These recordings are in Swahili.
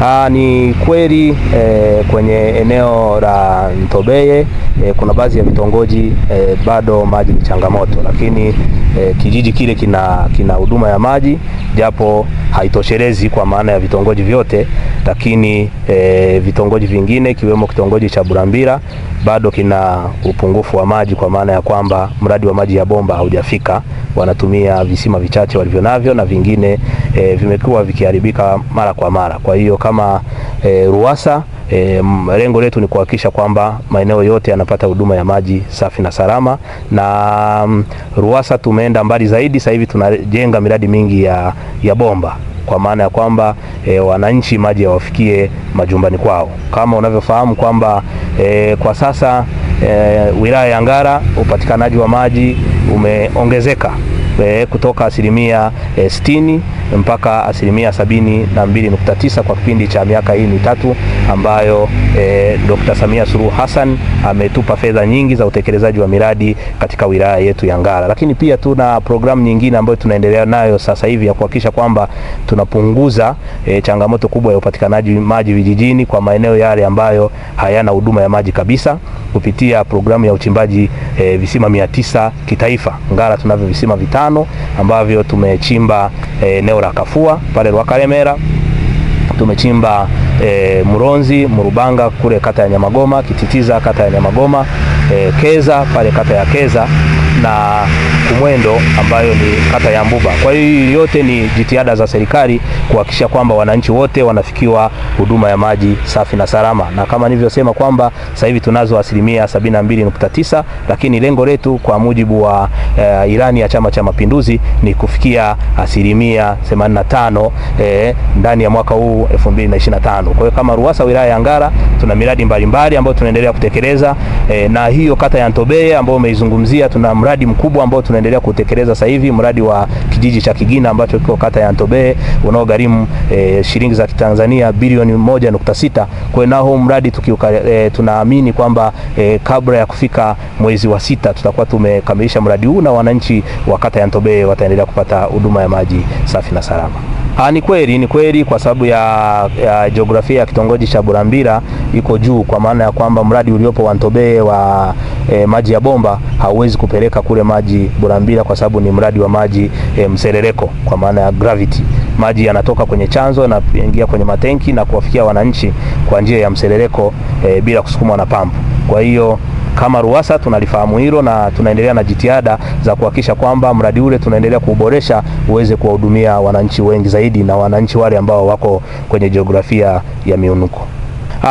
Aa, ah, ni kweli e, kwenye eneo la Ntobeye e, kuna baadhi ya vitongoji e, bado maji ni changamoto, lakini e, kijiji kile kina kina huduma ya maji japo haitoshelezi kwa maana ya vitongoji vyote, lakini e, vitongoji vingine ikiwemo kitongoji cha burambira bado kina upungufu wa maji, kwa maana ya kwamba mradi wa maji ya bomba haujafika. Wanatumia visima vichache walivyonavyo na vingine e, vimekuwa vikiharibika mara kwa mara. Kwa hiyo kama e, RUWASA E, lengo letu ni kuhakikisha kwamba maeneo yote yanapata huduma ya maji safi na salama, na um, RUWASA tumeenda mbali zaidi. Sasa hivi tunajenga miradi mingi ya, ya bomba kwa maana ya kwamba e, wananchi maji yawafikie majumbani kwao. Kama unavyofahamu kwamba e, kwa sasa e, wilaya ya Ngara upatikanaji wa maji umeongezeka e, kutoka asilimia e, sitini mpaka asilimia sabini na mbili nukta tisa kwa kipindi cha miaka hii mitatu ambayo e, eh, Dr. Samia Suluhu Hassan ametupa fedha nyingi za utekelezaji wa miradi katika wilaya yetu ya Ngara. Lakini pia tuna programu nyingine ambayo tunaendelea nayo sasa hivi ya kuhakikisha kwamba tunapunguza e, changamoto kubwa ya upatikanaji maji vijijini kwa maeneo yale ambayo hayana huduma ya maji kabisa kupitia programu ya uchimbaji e, visima mia tisa kitaifa. Ngara tunavyo visima vitano ambavyo tumechimba eh, eneo la Kafua pale Rwakaremera, tumechimba e, Muronzi Murubanga kule kata ya Nyamagoma, Kititiza kata ya Nyamagoma, e, Keza pale kata ya Keza na Kumwendo ambayo ni kata ya Mbuba. Kwa hiyo yote ni jitihada za serikali kuhakikisha kwamba wananchi wote wanafikiwa huduma ya maji safi na salama, na kama nilivyosema kwamba sasa hivi tunazo asilimia 72.9, lakini lengo letu kwa mujibu wa e, ilani ya Chama cha Mapinduzi ni kufikia asilimia 85 e, eh, ndani ya mwaka huu 2025. Kwa hiyo kama RUWASA wilaya ya Ngara tuna miradi mbalimbali ambayo tunaendelea kutekeleza e, na hiyo kata ya Ntobeye ambayo umeizungumzia tuna mradi mkubwa ambao tuna tunaendelea kutekeleza sasa hivi mradi wa kijiji cha Kigina ambacho kiko kata ya Ntobe unaogharimu e, shilingi za Kitanzania bilioni 1.6. Kwa hiyo huu mradi tukiuka, e, tunaamini kwamba e, kabla ya kufika mwezi wa sita tutakuwa tumekamilisha mradi huu na wananchi wa kata ya Ntobe wataendelea kupata huduma ya maji safi na salama. Ha, ni kweli ni kweli kwa sababu ya, ya jiografia ya kitongoji cha burambira iko juu, kwa maana ya kwamba mradi uliopo wa Ntobeye wa e, maji ya bomba hauwezi kupeleka kule maji burambira kwa sababu ni mradi wa maji e, mserereko kwa maana ya gravity maji yanatoka kwenye chanzo na kuingia kwenye matenki na kuwafikia wananchi kwa njia ya mserereko e, bila kusukumwa na pampu. Kwa hiyo kama RUWASA tunalifahamu hilo na tunaendelea na jitihada za kuhakikisha kwamba mradi ule tunaendelea kuuboresha uweze kuwahudumia wananchi wengi zaidi na wananchi wale ambao wako kwenye jiografia ya miunuko.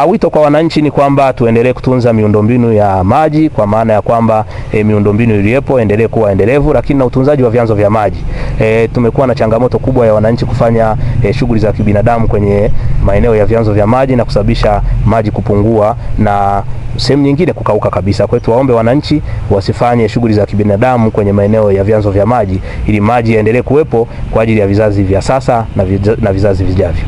Uh, wito kwa wananchi ni kwamba tuendelee kutunza miundombinu ya maji kwa maana ya kwamba e, miundombinu iliyopo endelee kuwa endelevu, lakini na utunzaji wa vyanzo vya maji. E, tumekuwa na changamoto kubwa ya wananchi kufanya e, shughuli za kibinadamu kwenye maeneo ya vyanzo vya maji na kusababisha maji kupungua na sehemu nyingine kukauka kabisa. Kwa hiyo tuwaombe wananchi wasifanye shughuli za kibinadamu kwenye maeneo ya vyanzo vya maji ili maji yaendelee kuwepo kwa ajili ya vizazi vya sasa na vizazi vijavyo.